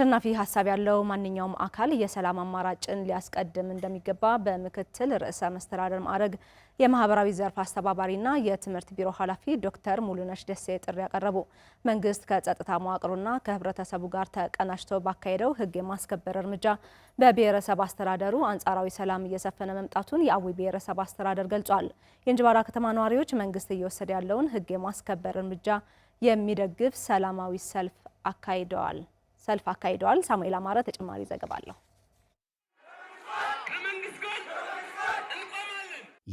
አሸናፊ ሀሳብ ያለው ማንኛውም አካል የሰላም አማራጭን ሊያስቀድም እንደሚገባ በምክትል ርዕሰ መስተዳደር ማዕረግ የማህበራዊ ዘርፍ አስተባባሪና የትምህርት ቢሮ ኃላፊ ዶክተር ሙሉነሽ ደሴ ጥሪ ያቀረቡ። መንግስት ከጸጥታ መዋቅሩና ከህብረተሰቡ ጋር ተቀናጅቶ ባካሄደው ህግ የማስከበር እርምጃ በብሔረሰብ አስተዳደሩ አንጻራዊ ሰላም እየሰፈነ መምጣቱን የአዊ ብሔረሰብ አስተዳደር ገልጿል። የእንጅባራ ከተማ ነዋሪዎች መንግስት እየወሰደ ያለውን ህግ የማስከበር እርምጃ የሚደግፍ ሰላማዊ ሰልፍ አካሂደዋል። ሰልፍ አካሂደዋል። ሳሙኤል አማረ ተጨማሪ ዘገባ አለው።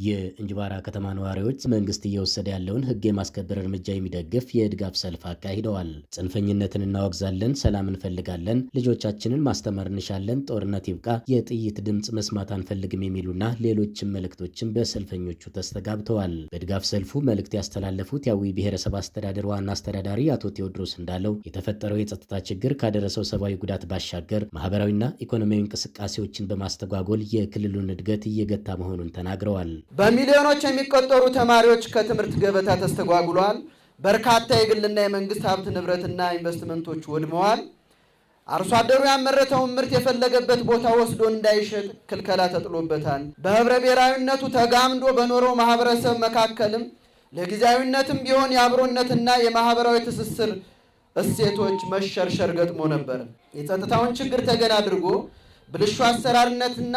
የእንጅባራ ከተማ ነዋሪዎች መንግስት እየወሰደ ያለውን ህግ የማስከበር እርምጃ የሚደግፍ የድጋፍ ሰልፍ አካሂደዋል። ጽንፈኝነትን እናወግዛለን፣ ሰላም እንፈልጋለን፣ ልጆቻችንን ማስተማር እንሻለን፣ ጦርነት ይብቃ፣ የጥይት ድምፅ መስማት አንፈልግም የሚሉና ሌሎችም መልእክቶችን በሰልፈኞቹ ተስተጋብተዋል። በድጋፍ ሰልፉ መልእክት ያስተላለፉት የአዊ ብሔረሰብ አስተዳደር ዋና አስተዳዳሪ አቶ ቴዎድሮስ እንዳለው የተፈጠረው የጸጥታ ችግር ካደረሰው ሰብአዊ ጉዳት ባሻገር ማህበራዊና ኢኮኖሚያዊ እንቅስቃሴዎችን በማስተጓጎል የክልሉን እድገት እየገታ መሆኑን ተናግረዋል። በሚሊዮኖች የሚቆጠሩ ተማሪዎች ከትምህርት ገበታ ተስተጓጉለዋል። በርካታ የግልና የመንግስት ሀብት ንብረትና ኢንቨስትመንቶች ወድመዋል። አርሶ አደሩ ያመረተውን ምርት የፈለገበት ቦታ ወስዶ እንዳይሸጥ ክልከላ ተጥሎበታል። በህብረ ብሔራዊነቱ ተጋምዶ በኖረው ማህበረሰብ መካከልም ለጊዜያዊነትም ቢሆን የአብሮነትና የማህበራዊ ትስስር እሴቶች መሸርሸር ገጥሞ ነበር። የጸጥታውን ችግር ተገን አድርጎ ብልሹ አሰራርነትና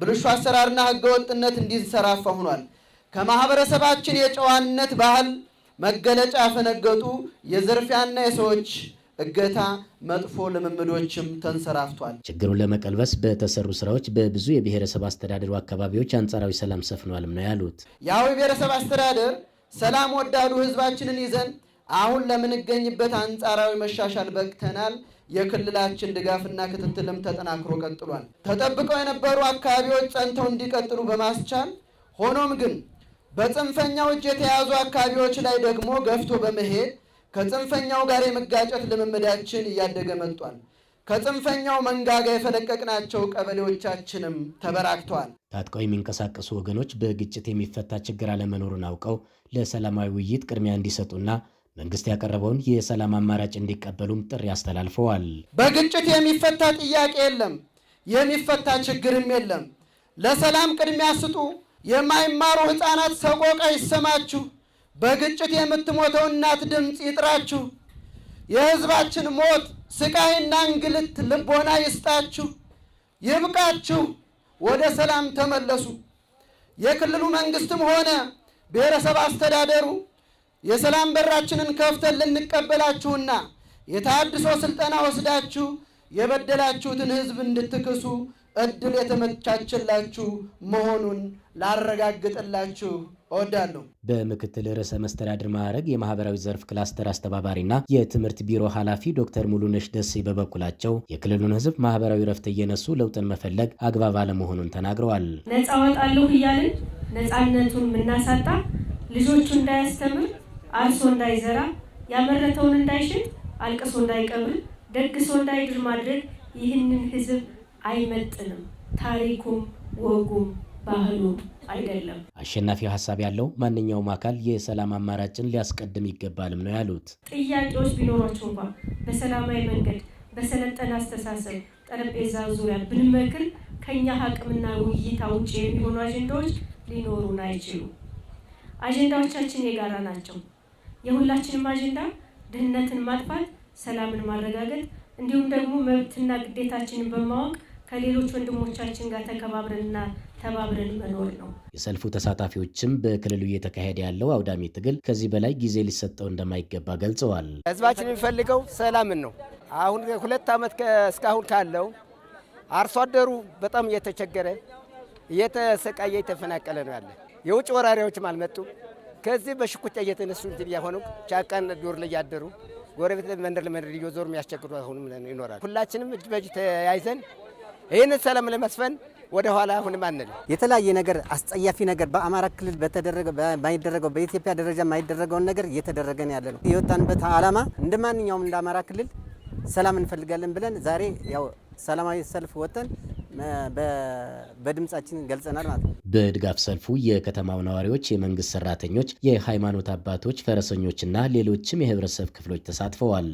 ብልሹ አሰራርና ህገወጥነት እንዲንሰራፋ ሆኗል። ከማህበረሰባችን የጨዋነት ባህል መገለጫ ያፈነገጡ የዘርፊያና የሰዎች እገታ መጥፎ ልምምዶችም ተንሰራፍቷል። ችግሩን ለመቀልበስ በተሰሩ ስራዎች በብዙ የብሔረሰብ አስተዳደሩ አካባቢዎች አንጻራዊ ሰላም ሰፍኗልም ነው ያሉት። የአዊ ብሔረሰብ አስተዳደር ሰላም ወዳዱ ህዝባችንን ይዘን አሁን ለምንገኝበት አንጻራዊ መሻሻል በቅተናል። የክልላችን ድጋፍና ክትትልም ተጠናክሮ ቀጥሏል። ተጠብቀው የነበሩ አካባቢዎች ጸንተው እንዲቀጥሉ በማስቻል ሆኖም ግን በጽንፈኛው እጅ የተያዙ አካባቢዎች ላይ ደግሞ ገፍቶ በመሄድ ከጽንፈኛው ጋር የመጋጨት ልምምዳችን እያደገ መጥቷል። ከጽንፈኛው መንጋጋ የፈለቀቅናቸው ቀበሌዎቻችንም ተበራክተዋል። ታጥቀው የሚንቀሳቀሱ ወገኖች በግጭት የሚፈታ ችግር አለመኖሩን አውቀው ለሰላማዊ ውይይት ቅድሚያ እንዲሰጡና መንግስት ያቀረበውን የሰላም አማራጭ እንዲቀበሉም ጥሪ አስተላልፈዋል። በግጭት የሚፈታ ጥያቄ የለም፣ የሚፈታ ችግርም የለም። ለሰላም ቅድሚያ ስጡ። የማይማሩ ሕፃናት ሰቆቃ ይሰማችሁ፣ በግጭት የምትሞተው እናት ድምፅ ይጥራችሁ። የህዝባችን ሞት ስቃይና እንግልት ልቦና ይስጣችሁ። ይብቃችሁ፣ ወደ ሰላም ተመለሱ። የክልሉ መንግስትም ሆነ ብሔረሰብ አስተዳደሩ የሰላም በራችንን ከፍተን ልንቀበላችሁና የታድሶ ስልጠና ወስዳችሁ የበደላችሁትን ሕዝብ እንድትክሱ እድል የተመቻቸላችሁ መሆኑን ላረጋግጥላችሁ እወዳለሁ። በምክትል ርዕሰ መስተዳድር ማዕረግ የማህበራዊ ዘርፍ ክላስተር አስተባባሪና የትምህርት ቢሮ ኃላፊ ዶክተር ሙሉነሽ ደሴ በበኩላቸው የክልሉን ህዝብ ማህበራዊ ረፍት እየነሱ ለውጥን መፈለግ አግባብ አለመሆኑን ተናግረዋል። ነፃ ወጣለሁ እያልን ነፃነቱን የምናሳጣ ልጆቹ እንዳያስተምር አርሶ እንዳይዘራ ያመረተውን እንዳይሽን አልቅሶ እንዳይቀብር ደግሶ እንዳይድር ማድረግ ይህንን ህዝብ አይመጥንም። ታሪኩም ወጉም ባህሉም አይደለም። አሸናፊ ሀሳብ ያለው ማንኛውም አካል የሰላም አማራጭን ሊያስቀድም ይገባልም ነው ያሉት። ጥያቄዎች ቢኖሯቸው እንኳን በሰላማዊ መንገድ በሰለጠነ አስተሳሰብ ጠረጴዛ ዙሪያ ብንመክር ከኛ አቅምና ውይይታ ውጭ የሚሆኑ አጀንዳዎች ሊኖሩን አይችሉም። አጀንዳዎቻችን የጋራ ናቸው። የሁላችንም አጀንዳ ድህነትን ማጥፋት፣ ሰላምን ማረጋገጥ እንዲሁም ደግሞ መብትና ግዴታችንን በማወቅ ከሌሎች ወንድሞቻችን ጋር ተከባብረንና ተባብረን መኖር ነው። የሰልፉ ተሳታፊዎችም በክልሉ እየተካሄደ ያለው አውዳሚ ትግል ከዚህ በላይ ጊዜ ሊሰጠው እንደማይገባ ገልጸዋል። ህዝባችን የሚፈልገው ሰላምን ነው። አሁን ሁለት ዓመት እስካሁን ካለው አርሶ አደሩ በጣም እየተቸገረ እየተሰቃየ እየተፈናቀለ ነው ያለ። የውጭ ወራሪዎችም አልመጡም። ከዚህ በሽኩቻ እየተነሱ እንትን እያሆኑ ጫቃን ዶር ላይ ያደሩ ጎረቤት መንደር ለመንደር እየዞሩ የሚያስቸግሩ አሁንም ይኖራል። ሁላችንም እጅ በእጅ ተያይዘን ይህንን ሰላም ለመስፈን ወደ ኋላ አሁንም አንልም። የተለያየ ነገር አስጸያፊ ነገር በአማራ ክልል በተደረገ በማይደረገው በኢትዮጵያ ደረጃ የማይደረገውን ነገር እየተደረገ ነው ያለ ነው። የወጣንበት አላማ እንደ ማንኛውም እንደ አማራ ክልል ሰላም እንፈልጋለን ብለን ዛሬ ያው ሰላማዊ ሰልፍ ወጥተን በድምጻችን ገልጸናል ማለት ነው። በድጋፍ ሰልፉ የከተማው ነዋሪዎች፣ የመንግስት ሰራተኞች፣ የሃይማኖት አባቶች፣ ፈረሰኞችና ሌሎችም የህብረተሰብ ክፍሎች ተሳትፈዋል።